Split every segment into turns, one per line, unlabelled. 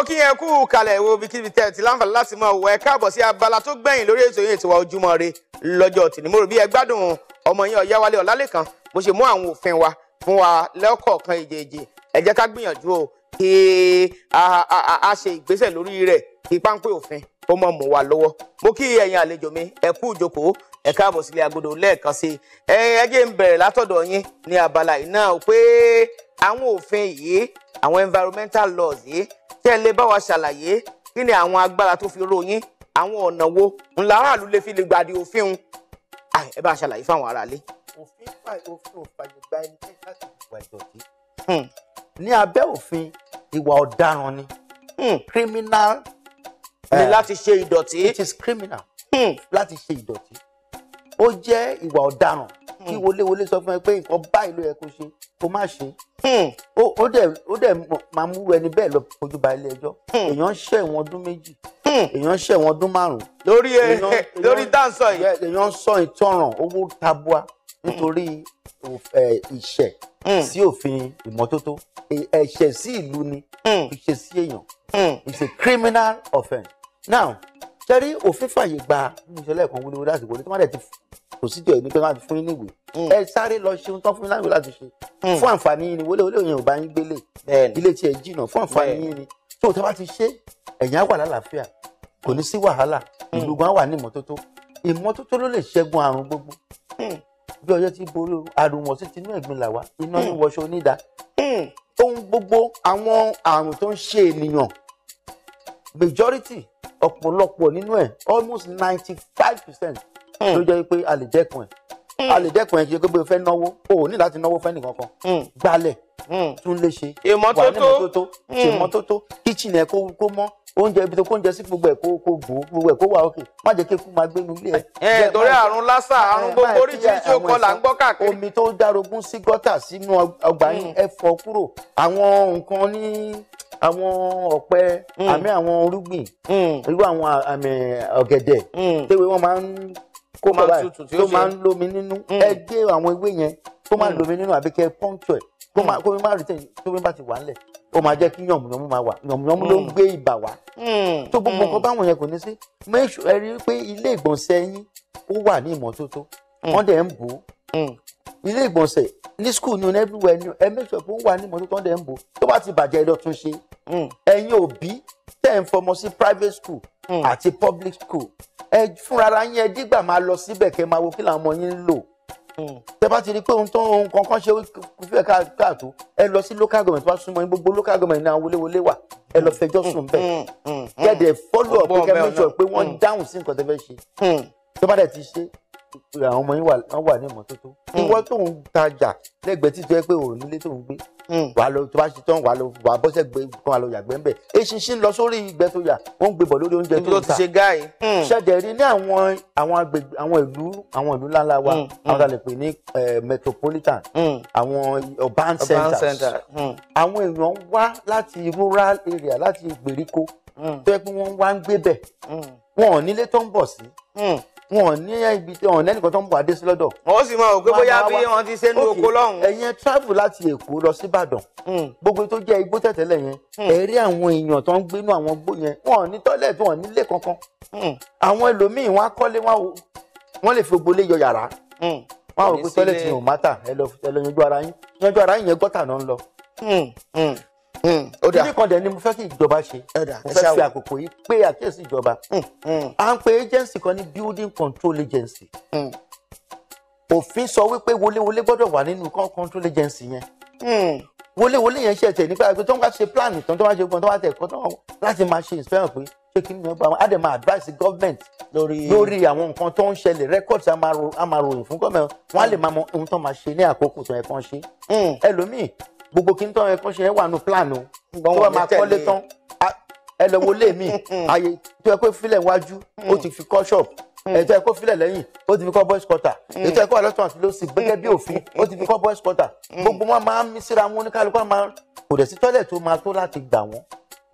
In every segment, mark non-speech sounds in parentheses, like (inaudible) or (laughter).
ó kí yẹn kú kalẹ̀ wo bikini tẹ́ ti láǹfààní láti mọ wọ ẹ káàbọ̀ sí abala tó gbẹ̀yìn lórí ètò yìí tiwa ojúmọ́ re lọ́jọ́ tìní mo rò bí ẹ gbádùn ọmọ yín ọ̀yáwálé ọ̀làlẹ́kan bó ṣe mú àwọn òfin wa fún wa lọ́kọ̀ọ̀kan ká gbìyànjú o kí a ṣe ìgbésẹ̀ lórí rẹ̀ kí páńpẹ́ òfin ó mọ̀ lọ́wọ́ mo kí ẹ̀yin àlejò mi ẹ kú ìjókòó ẹ káàbọ̀ sílé agodo lẹ́ẹ̀kan sí ẹ ń bẹ̀rẹ̀ látọ̀dọ̀ abala yìí náà pé àwọn òfin yìí àwọn environmental laws yìí tẹ́ ẹ lè bá wa ṣàlàyé kí ni àwọn agbára tó fi ró yín àwọn ọ̀nà wo ńlá aráàlú lè fi lè gbàdí òfin un ẹ bá ṣàlàyé fáwọn aráalé. òfin òfin ò fàyè gba ẹni tí láti ìwà ìdọ̀tí. Hmm. ní abẹ́ òfin ìwà ọ̀daràn ni. Hmm. criminal. ni eh, láti ṣe ìdọ̀tí. it is criminal. Hmm. láti ṣe ìdọ̀tí. ó jẹ́ ìwà ọ̀daràn. Hmm. kí wọléwọlé sọ fún ẹ pé nǹkan báyìí ló yẹ kó ṣe kó má ṣe hmm. ó dẹ̀ ó dẹ̀ máa mú ẹni bẹ́ẹ̀ lọ fojú ba ilé ẹjọ́ hmm. èèyàn ń ṣẹ̀wọ̀n ọdún méjì èèyàn ń ṣẹ̀wọ̀n ọdún márùn-ún. lórí (laughs) lórí dáńsọ yìí. èèyàn ń sọ ìtọ̀ràn owó tabua nítorí ìṣẹ̀ sí òfin ìmọ́tótó ẹ̀ṣẹ̀ sí ìlú ni ìṣẹ̀ sí èèyàn it's a criminal offence now ṣẹ́rí òfin fàyè gba ìṣẹ̀lẹ̀ kan wọlé àsìkò ní tí wọ́n dẹ̀ ti kò síjọ ìlú tó máa fi fún inú ìwé hmm. ẹ sáré lọ ṣe ohun tó fún láwùjọ láti ṣe hmm. fún àǹfààní yín ni wọlé wọlé òyìnbó bá yín gbélé ilé tiẹ̀ jìnnà fún àǹfààní yín ni tó tó bá ti ṣe ẹ̀yìn á wà lálàáfíà kò ní sí wàhálà hmm. ìlú gan wà ní ìmọ́tótó ìmọ́tótó ló lè ṣẹ́gun àrùn gbogbo bí ọjọ́ ti borí àrùn wọ̀n sí tinú ẹ̀gbin làwa iná ní wọṣọ onídàá majority ọ̀pọ̀lọpọ̀ nínú ẹ̀ almost ninety five percent ló hmm. jẹ́ pé a lè dẹ́kun ẹ̀ hmm. a lè dẹ́kun ẹ̀ kí pé fẹ́ náwó o ò ní láti náwó fẹ́ nìkan kan hmm. gbalẹ̀ tún lè ṣe wà ní mọ́tótó ṣe mọ́tótó kíchìnì ẹ̀ kó mọ́ oúnjẹ ibi tó kó oúnjẹ sí gbogbo ẹ̀ kó kó bò gbogbo ẹ̀ kó wà òkè má jẹ́ kí ikú máa gbé inú ilé ẹ̀. ẹ eh, eh, torí àrùn lásà eh, àrùn gbogbo oríṣiríṣi ọkọ là ń gbọ́ káàkiri. omi tó dárogún sí gọ́tà sínú ọgbà yín ẹ fọ kúrò àwọn nǹkan ní àwọn ọ̀pẹ àmì àwọn orúgbìn irú àwọn àmì ọ̀gẹ̀dẹ̀ tẹ́wé wọ́n máa ń kó sọ báyìí tó máa ń lómi nínú mm. ẹ gé àwọn ewé yẹn tó máa ń mm. lómi nínú àbí kẹ́ puncture kó mm. máa kó mi máa retain tó mi bá ti wà nílẹ̀ ó máa jẹ́ kí yànmùyànmù máa wà yànmùyànmù ló ń gbé ibà wá tó gbogbo nǹkan báwọn yẹn kò ní sí make sure ẹ rí i pé ilé ìgbọ̀nsẹ̀ yín ó wà ní ìmọ́tótó wọ́n dẹ̀ ń bò ó ilé ìgbọ̀nsẹ̀ ní school ni everywhere ni ẹ make sure wà ní ìmọ́tótó wọ́n dẹ̀ ń bò ó tó bá ti bàjẹ́ ẹ lọ ṣe ẹ̀yin òbí tẹ̀ ń fọmọ sí private school àti public school ẹ fúnra yín ẹ dígbà máa lọ síbẹ̀ kẹ́ máa wo kí làwọn ọmọ yín ń lò tẹ bá ti rí i pé ohun tó ohun kankan ṣe fẹ́ káàtó ẹ lọ sí local government wá súnmọ́ gbogbo local government náà wọléwọlé wà ẹ lọ fẹjọ́ sùn bẹ́ẹ̀ gẹ́gẹ́ mm, mm, mm, follow up pé kẹ́ mẹ́jọ pé wọ́n dáhùn sí nǹkan tẹ́ fẹ́ ṣe tó bá dẹ̀ ti ṣe àwọn ọmọ yín wà ní ìmọ́tótó hmm. ìwọ tó ń tajà lẹ́gbẹ̀ẹ́ títí ẹ pé òun nílé tó ń gbé hmm. wàá lọ tó bá ṣe tán wàá lọ wàá bọ́sẹ̀ gbé kan àlọ́ yàgbẹ́ ńbẹ̀ eṣinṣin lọ sórí ìgbẹ́ tó yà ó ń gbé bọ̀ lórí oúnjẹ tó ń ta hmm. ṣẹ̀dẹ̀ rí ní àwọn àwọn agbègbè àwọn ìlú àwọn ìlú ńláńlá wa àwọn tá a lè pè ní eh, metropolitan àwọn urban centers àwọn èèyàn wá láti rural area láti ìgbèríko tó yẹ pé wọ́n wá ń gbé bẹ̀ wọn ò nílé tó ń bọ̀ sí wọn ní ibi tí wọn lẹ́nìkan tó ń bọ̀ adé sí lọ́dọ̀. wọ́n sì mọ̀ pé bóyá bí wọ́n ti ṣe ń lo oko lọ́hùn. ẹ̀yin travel láti èkó lọ sí ìbàdàn hmm. gbogbo tó jẹ́ igbó tẹ̀tẹ̀lẹ̀ yẹn hmm. ẹ̀rí àwọn èèyàn tó ń gbé inú àwọn igbó yẹn wọn ní tọ́lẹ̀tì wọn nílé kankan. Hmm. àwọn ẹlòmíín wọn kọ́lé wọn lè fi gbolé yọ yàrá. wọn ò pé tọ́lẹ̀tì yẹn ò mátà ẹ lọ yanjú ara yín yanjú ara yín yẹn gọ́tà náà ń lọ. Hmm, kíní kan dẹ̀ ni mo fẹ́ kí ìjọba ṣe mo fẹ́ fi àkókò yìí pé àkíyèsí ìjọba hmm, hmm. à ń pe agency kan ní building control agency òfin sọ wípé wọléwọlé gbọ́dọ̀ wà nínú control agency yẹn wọléwọlé yẹn ṣe tẹ̀ nípa pé tó ń bá ṣe plan ìtàn tó bá ṣe gbọ́n tó bá tẹ̀ kọ́ tó láti máa ṣe ìfẹ́ràn pé ṣé kí ni ọba á dẹ̀ máa advice government lórí àwọn nǹkan tó ń ṣẹlẹ̀ records á máa ròyìn fún government wọn á lè máa mọ ohun tó máa ṣe ní àkókò tó yẹ kán ṣe. ẹlòmíì gbogbo kí n tọ́ ẹ kán ṣe ẹ wà nù plan o tó wà máa kọ́lé tán ẹ lọ wo lé mi (laughs) àyè tó ẹ kó filẹ̀ wájú ó ti fi kọ́ ṣọ́ọ̀bù ètò ẹ̀kọ́ filẹ̀ lẹ́yìn ó ti fi kọ́ boys quarter ètò ẹ̀kọ́ ọlọ́sùn àti lọ́sì gẹ́gẹ́ bí òfin ó ti fi kọ́ boys quarter hmm. gbogbo wọn máa ń mí síra wọn oníkálukú máa kò dẹ̀ sí tọ́lẹ̀ tó máa tó láti gbà wọ́n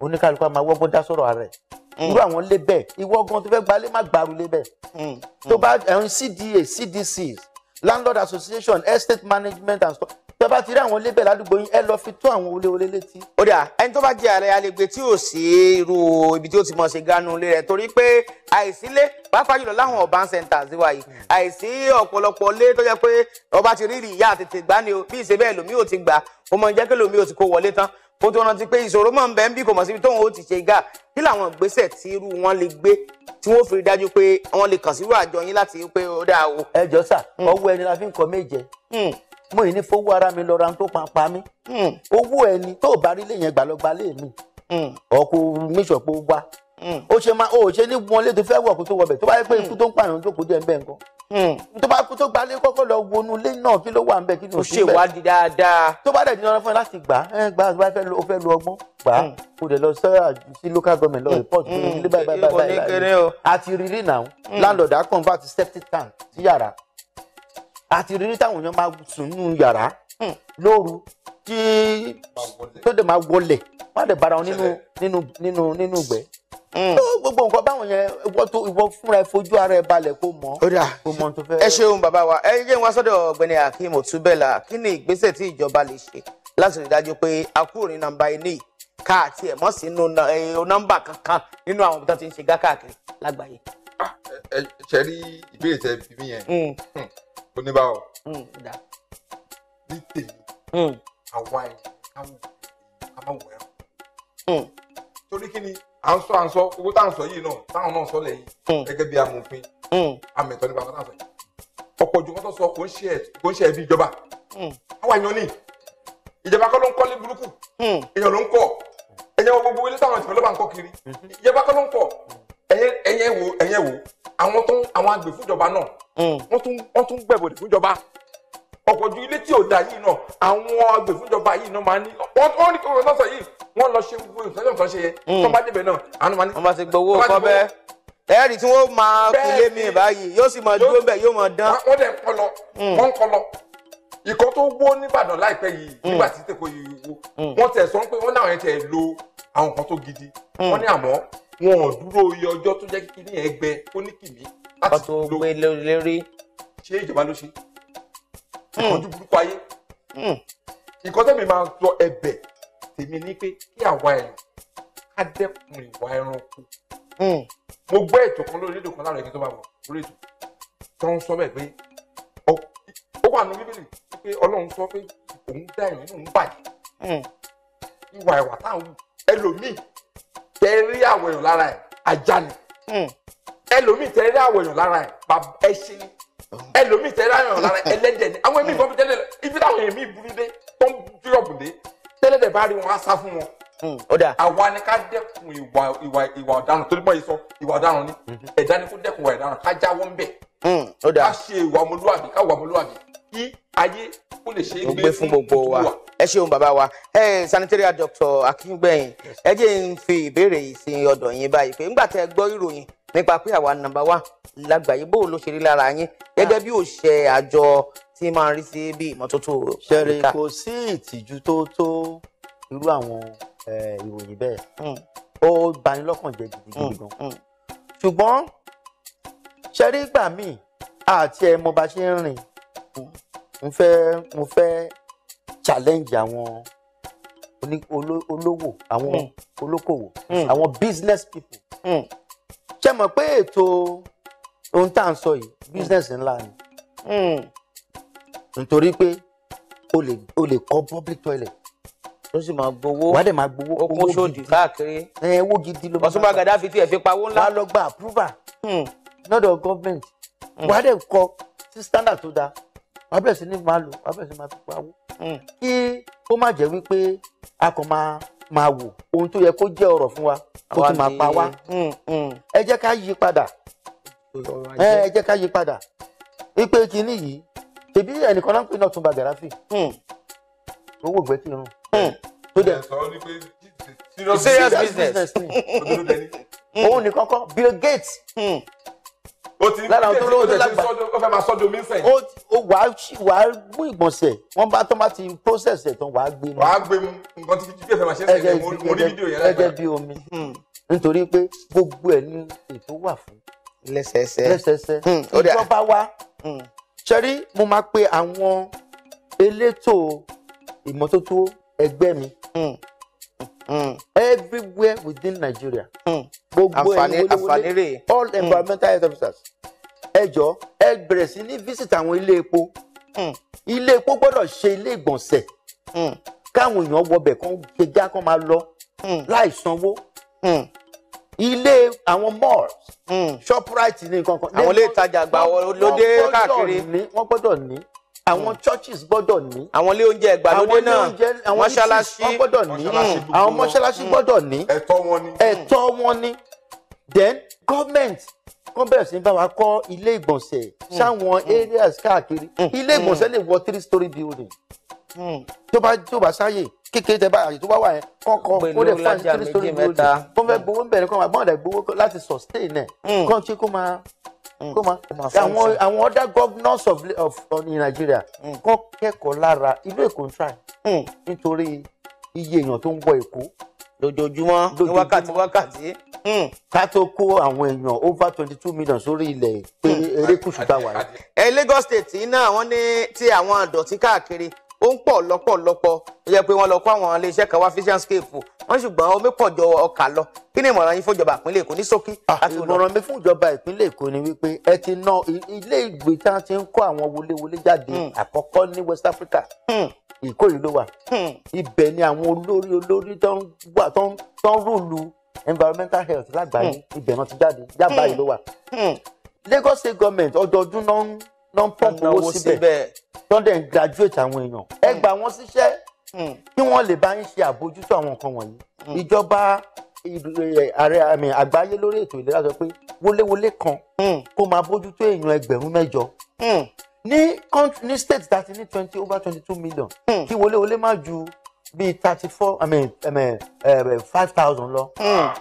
oníkálukú máa wọ́gbọ́n dá sọ̀rọ̀ rẹ̀ hmm. irú àwọn lé bẹ́ẹ̀ ìwọ tó fẹ́ gbalé má gbàrú lé bẹ́ẹ̀ hmm. tó bá ẹ̀rín CDA CDCs landlord association estate management and tẹ bá ti rí àwọn olébẹ̀ ládùúgbò yín ẹ lọ fi tó àwọn olé-olé létí. ó dà ẹni tó bá jẹ ààrẹ àlegbè tí ò sí irú ibi tí ó ti mọ̀ ṣe ganu ilé rẹ̀ torí pé àìsílé pàápàá jùlọ láwọn urban centers wa yìí hmm. àìsí ọ̀pọ̀lọpọ̀ lé tó jẹ́ pé ọba ti rírì ìyá àtètè gbá ni o bí ìṣe bẹ́ẹ̀ lòmí ò ti gbà ó mọ jẹ́ kí lòmí ò ti kó wọlé tán ó tó rántí pé ìṣòro máa ń bẹ ń kò mọ̀ síbi tóun ó ti ṣe gà kí làwọn ìgbésẹ̀ tí irú wọn lè gbé tí wọ́n fi dájú pé wọ́n lè kàn sírú àjọ yín láti pé ó dáa o. ẹ jọ sà hmm. ọwọ́ ẹni la fi ń kọ méje hmm mo ì ní fowó ara mi lọ ra tó pa pa mí hmm. owó ẹni tó bá rí lẹ́yìn gbàlọ́gbà lé mi hmm. ọkọ mẹsọ̀ pé ó wá hmm. ó ṣe máa ó ṣe ní wọn létò fẹ́ wọ̀ kó tó wọbẹ̀ tó bá yẹ pé ikú tó ń pààyàn tó díẹ̀ bẹ́ẹ̀ nǹkan tó bá kú tó gbalé kọ́kọ́ lọ wọnú ilé náà kí ló wà ń bẹ kí ló tún bẹ ó ṣe ìwádìí dáadáa tó bá dẹ̀ di ọ̀rọ̀ fún ẹ láti gbà gbà tó bá fẹ́ lo ọgbọ́n gbà kó dẹ̀ lọ sọ́ra sí local government lọ report kó lè ní báyìí báyìí báyìí àti rírí náà landlord akọ̀ǹbá ti septic tank sí yàrá àti rírí táwọn èèyàn máa sùn nínú yàrá hmm. lóru tí tó dẹ̀ máa wọlẹ̀ wọ́n á dẹ̀ bára wọn nínú nínú nínú nínú ìgbẹ́. Hmm. gbogbo nǹkan báwọn yẹn ìwọ tó ìwọ fúnra ẹ fojú ara ẹ balẹ̀ kó mọ̀ kó mọ̀ ẹ ṣeun bàbá wa ẹ jẹ́ wọn sọ́dọ̀ ọ̀gbẹ́ni Akeem Otubela kí ni ìgbésẹ̀ tí ìjọba lè ṣe láti rí dájú pé a kúrò ní nàmbá ilé yìí ká àti sí inú nọ́mbà kankan nínú àwọn tó ti ń ṣe gákàkiri lágbàáyé.
Ah, ẹ ṣe rí ìbéèrè tẹ oníbàwọ mm, ní tèmi mm. àwa ẹ ká má wọ ẹrù torí kí ni à ń sọ à ń sọ owó tá à ń sọ yìí náà táwọn náà sọ lẹ́yìn mm. gẹ́gẹ́ bí amòfin amẹtọ nípa àwọn tá à ń sọ yìí ọ̀pọ̀ ju wọn tó sọ kò ń ṣe ẹbí ìjọba àwa èèyàn ni ìjọba kọ́ ló ń kọ́lé burúkú èèyàn ló ń kọ́ ẹ̀yẹ gbogbo ilé táwọn ìtìmọ́lọ́ba ń kọ́ kiri mm-hmm. ìjọba kọ́ ló ń kọ́ ẹ̀yẹ wo ẹ̀yẹ wo àwọn tó àwọn àgbè fúnjọba náà hmm. wọ́n tún wọ́n tún gbẹ̀bọ̀dẹ̀ fúnjọba ọ̀pọ̀ ju ilé tí ò da yìí náà àwọn àgbè fúnjọba yìí náà máa ní wọ́n ní kókò tó sọ yìí wọ́n lọ ṣe gbogbo ìtọ́jú nǹkan ṣe yẹ
hmm. tó bá débẹ̀ náà àánú máa ní. wọ́n bá ti gbowó kọ́ bẹ́ẹ̀ I tí wọ́n máa kulé mi báyìí yóò sì máa dúró bẹ́ẹ̀ yóò máa dán. wọ́n dẹ̀ ń kọ́ lọ hmm. wọ́n ń kọ́ lọ ìkọ́ tó wó
nìbàdàn láìpẹ́ yìí nígbà tí tèkó yìí wó wọ́n tẹ̀ sọ pé wọ́n náà yẹn tẹ̀ lo àwọn kan tó gidi wọ́n ní àmọ́ wọn ò dúró iye ọjọ́ tó jẹ́ kíkí ní ẹgbẹ́ ó ní kìmí láti lo ọtọ gbé lórí. ṣé ìjọba ló ṣe
hmm. ìkọjú
burúkú ayé hmm. nǹkan tẹ́mi máa sọ ẹ̀bẹ̀ tèmi ní pé kí àwa ẹ̀yàn ká dẹ́kun ìwà ẹranko. Hmm. mo gbọ́ ètò kan lórí rédíò kan láàárọ̀ ẹ̀kí tó bá wọ̀ lórí ètò tó ń sọ bẹ́ẹ̀ pé ó wà nínú bíbélì pé ọlọ́run sọ pé òun dá ẹ̀yìn nínú òun bàjẹ́ ìwà ẹ̀wà táwọn ẹlòmíì tẹ́ rí àwẹ̀yàn lára ẹ̀ ajá ni hmm. ẹlòmíì tẹ́ rí àwẹ̀yàn lára ẹ̀ ẹṣin ni ẹlòmíì tẹ́ rí àwẹ̀yàn lára ẹ̀ ẹlẹ́dẹ̀ ni àwọn ẹ̀mí ìbọn hmm. tẹ́lẹ̀ ibi táwọn ẹ̀mí burú dé tó ń dúrọ̀bù dé tẹ́lẹ̀dẹ̀ bá rí wọn á sá fún wọn hmm, àwa ni ká dẹ́kun ìwà ìwà ìwà ọ̀daràn torí bọ́ yìí sọ ìwà ọ̀daràn ni ẹ̀dá ni kó dẹ́kun ìwà ọ̀daràn ká jáwọ́ ń
bẹ̀ ká ṣe ìwà ọmọlúwàbí ká wà ọmọlúwàbí kí ayé kó lè ṣe é gbé fún gbogbo wa ẹ ṣeun bàbá wa ẹ sanitarian doctor akíngbẹ̀yìn ẹ jẹ́ ń fi ìbéèrè yìí sí yín báyìí pé ńgbà tẹ́ gbọ́ ìròyìn nípa pé àwa nàmbà wà lágbàáyé bó ló ṣe rí lára yín gẹ́gẹ́ bí òṣè àjọ tí máa ń rí sí bí ìmọ́tótó òrùka. ṣẹ̀rẹ̀ kò sí ìtìjú tó tó irú àwọn ìròyìn bẹ́ẹ̀ hmm. ó bani lọ́kàn jẹ́ gidigidi hmm, gan. Hmm. ṣùgbọ́n ṣẹ̀rí gbà míì àti ẹ̀ mo bá ṣe ń rìn mo fẹ́ mo fẹ́ challenge àwọn olówó àwọn hmm. olókòwò hmm. àwọn business people hmm. ṣe mọ̀ pé ètò ohun tá à ń sọ yìí business ńlá ni nítorí pé o lè o lè kọ́ public toilet tó sì máa gbowó wàá dẹ̀ máa gbowó okun sódì káàkiri owó gidi ló máa gbà Ọ̀túnba Gàdáfì tiẹ̀ fi pawó ńlá wàá lọ gba approval lọ́dọ̀ government wàá dẹ̀ kọ́ sí standard tó dáa abẹ́rẹ́ sí ni máa lò abẹ́rẹ́ sí ni máa fi pawó hmm. kí ó má jẹ́ wípé a kàn máa máa wò ohun tó yẹ kó jẹ́ ọ̀rọ̀ fún wa kó tún máa pa wá hmm, hmm. ẹ jẹ́ ká yí padà ẹ jẹ́ ká yí padà wípé kinní yìí tèbí ẹnìkan náà ń pè ní Ọ̀túnba Gàràfì owó ìgbẹ́ kírun tó dẹ̀
serious business
òun nìkan kọ́ Bill Gates o ti lára tó lówó tó lágbà
ó fẹ́ máa sọ́dọ̀ mi sẹ́yìn.
ó wà á wà á mú ìgbọ̀nsẹ̀ wọ́n bá tó bá ti process ẹ̀ tán wà á gbé mu. wà á gbé mu
nǹkan tí fífi fẹ́ máa ṣe é sẹ́yìn mo rí fídíò yẹn láìpẹ́. gẹ́gẹ́ bí
omi hmm. nítorí pé gbogbo ẹ̀ ní ètò wà fún. lẹ́sẹẹsẹ lẹ́sẹẹsẹ hmm, ìjọba wa hmm. ṣẹ́rí mo máa pe àwọn elétò ìmọ́tótó ẹgbẹ́ mi Mm. everywhere within Nigeria. Mm. gbogbo ẹ̀yin wọléwọlé all mm. environmental health officers ẹ jọ ẹ bẹ̀rẹ̀ sí ní visit àwọn ilé epo ilé epo gbọ́dọ̀ ṣe ilé ìgbọ̀nsẹ̀ káwọn èèyàn wọbẹ̀ kan gbẹjá kan máa lọ láì sanwó ilé àwọn malls shoprite ní nǹkan kan. àwọn ilé ìtajà àgbà lóde káàkiri wọ́n gbọ́dọ̀ ní àwọn churches gbọ́dọ̀ ní. àwọn ilé oúnjẹ ìgbàlódé náà àwọn mọ́ṣáláṣí gbọ́dọ̀ ní àwọn mọ́ṣáláṣí gbọ́dọ̀ ní. ẹ̀tọ́ wọn ni. ẹ̀tọ́ wọn ni. then government kọ́ bẹ̀rẹ̀ sí bá wa kọ́ ilé ìgbọ̀nsẹ̀ mm. sáwọn mm. areas káàkiri mm. ilé ìgbọ̀nsẹ̀ lè wọ three story building tó bá tó bá sáyè kékeré tẹ báyìí tó bá wà yẹn kọ́kọ́ ó lè fà ní kiri kó fẹ́ gbowó bẹ̀rẹ̀ kó máa bọ́n gbowó láti sustain ẹ̀ mm. kó ṣe kó máa mm. kó máa àwọn other governors of of ní Nàìjíríà mm. kọ́ kẹ́kọ̀ọ́ lára ìlú Èkó ń try nítorí iye èèyàn tó ń wọ Èkó lójoojúmọ́ ní wákàtí wákàtí ká tó kó àwọn èèyàn over twenty two million sórí ilẹ̀ pé erékùsù tá wà ẹ Lagos State náà wọ́n ní ti àwọn àdọ̀tí káàkiri ó ń pọ̀ lọ́pọ̀lọpọ̀ ó yẹ pé wọ́n lọ kó àwọn iléeṣẹ́ kan wá fission scape wọ́n ṣùgbọ́n omi pọ̀ jọ ọkà lọ kí ni ìmọ̀ràn yín fún ìjọba ìpínlẹ̀ Èkó ní ṣókí. Ah, ìmọ̀ràn mi fún ìjọba ìpínlẹ̀ Èkó ni wípé ẹ ti ná ilé ìgbé tí wọ́n ti ń kó àwọn wọléwọlé jáde hmm. àkọ́kọ́ ní West Africa Èkó hmm. ló wà hmm. ibẹ̀ ni àwọn olórí olórí tó ń rúlu environmental health lágbàáyé ibẹ̀ náà ti jáde yábàá ló wà Lagos state government ọdọọdún náà náà ń pọ́ǹpù owó síbẹ̀ lọ́dẹ̀ graduate àwọn èèyàn ẹ hmm. gbà wọ́n síṣẹ́ hmm. kí wọ́n lè bá ń ṣe àbójútó àwọn nǹkan wọ̀nyí hmm. ìjọba eh, àgbáyé lórí ètò ìlera sọ pé wọléwọlé kan kó máa bójútó èèyàn ẹgbẹ̀rún mẹ́jọ ní country ní state tá ní twenty over twenty two million kí wọléwọlé má ju bíi thirty four i mean eh, eh, five thousand lọ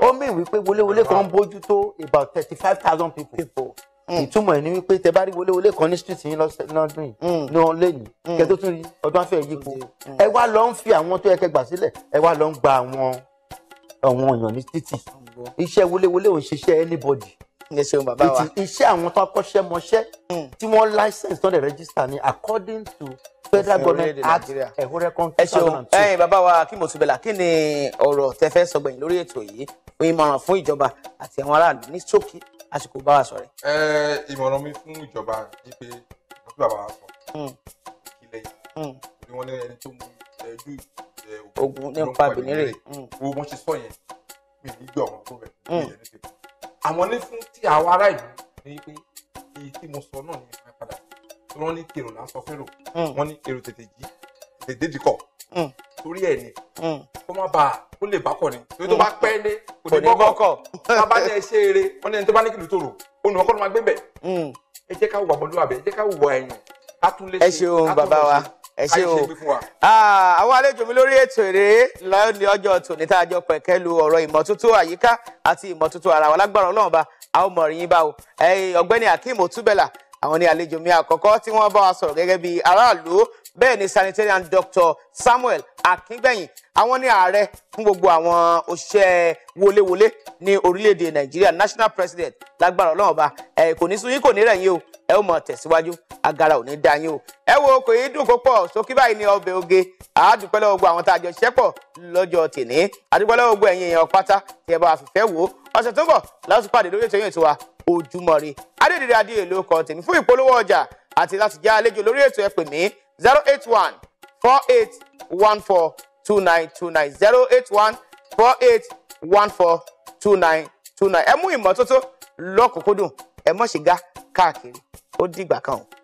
ó mì wípé wọléwọlé kan bójútó about thirty five thousand people Mm. ìtumọ̀ ẹ̀ ni wípé tẹ bá rí wọléwọlé kan ní street yín lọ́dún yìí mm. ní wọn lẹ́yìn mm. kẹ tó tún rí ọdún afẹ́ yípo ẹ wá lọ ń fi àwọn tó yẹ kẹ gbà sílẹ̀ ẹ wá lọ ń gba àwọn àwọn èèyàn ní títì iṣẹ́ wọléwọlé ò ń ṣiṣẹ́ anybody iṣẹ́ àwọn tó akọ́ṣẹ́ mọṣẹ́ tí wọ́n license tó lè register ni according to federal government act ẹ̀húrẹ́ kan two thousand and two. ẹ̀yin bàbá wa kí mo tún bẹ̀là kí ni ọ̀rọ̀ tẹ fẹ́ sọ gbẹ̀yìn lórí ètò yìí ìmọ̀ràn fún ìjọba àti àwọn aráàlú ní ṣókí àsìkò bá wa sọ̀rẹ́. ẹ ìmọ̀ràn
mi fún ìjọba yìí pé bí bàbá wa
sọ ilẹ̀ yìí bí wọ́n ní
ẹni tó mú ẹjú ogun nípa bìnírè hmm. wo wọ́n ṣe sọ yẹn mi ò ní gbé ọ̀rọ̀ tó rẹ̀ ní ìyẹn níbi. àmọ́ ní fún tí àwa ará ìlú ní pé iye tí mo sọ náà ní ìfẹ́ padà wọ́n ní kèrò lásán fẹ́rò hmm. wọ́n ní èrò tètè jí tètè dédìkọ̀ hmm torí ẹ̀ ni hmm. kó má bàa kó lè bákọ̀ ni torí tó bá hmm. pẹ́ lé kò ní bọ́kọ̀ tá a bá ní ẹ ṣe eré wọ́n ní ẹni tó bá ní kìlú tòrò olùmọ̀kọ́ ló máa gbé bẹ̀ hmm.
ẹ jẹ́ ká wà bọ́dún àbẹ̀ ẹ jẹ́ ká wà ẹ̀yìn á tún lè ṣe ẹ ṣeun bàbá wa ẹ ṣe o àwọn àlejò mi lórí ètò èrè lọ́ọ̀lì ọjọ́ tòní tá a jọ pẹ̀kẹ́ lu ọ̀rọ̀ ìmọ́tótó àyíká àti ìmọ́tótó ara wa lágbára ọlọ́run ba a ó mọ̀ rí yín bá o ọ̀gbẹ́ni akeem otúbẹ̀là àwọn ní àlejò mi àkọ́kọ́ tí wọ́n bá wa sọ̀rọ̀ gẹ́gẹ́ bí aráàlú bẹ́ẹ̀ ni sanitarian doctor Samuel Akíngbẹ̀yìn àwọn ní ààrẹ fún gbogbo àwọn òṣìṣẹ́ wọléwọlé ní orílẹ̀-èdè Nàìjíríà national president lágbára ọlọ́run ọba ẹ kò ní sú yín kò ní rẹ̀ yín o ẹ ó mọ tẹ̀síwájú agara ò ní dá yín o ẹ wo kò yí dùn kó pọ̀ sókí báyìí ní ọbẹ̀ oge àádùpẹ́ lọ́wọ́ gbogbo àwọn tá a jọ ṣiṣẹ́ pọ̀ lọ́jọ́ tèní àdúpẹ́ lọ́wọ́ gbogbo ẹ̀yin èèyàn pátá tí ẹ bá wa fìfẹ́ wò ọ̀sẹ̀ tó ń bọ̀ láti lórí ètò yìí ètò ojúmọ́ ire adédèrè adéyè ló kọ tèmi fún ìpolówó ọjà àti láti já àlejò lórí ètò ẹ pè mí zero eight one four eight one four two nine two nine zero eight one four eight one four two nine two nine ẹ mú ìmọ́tótó lọ́kùnkúndùn ẹ mọ̀ ṣe ga káàkiri ó dìgbà kan o.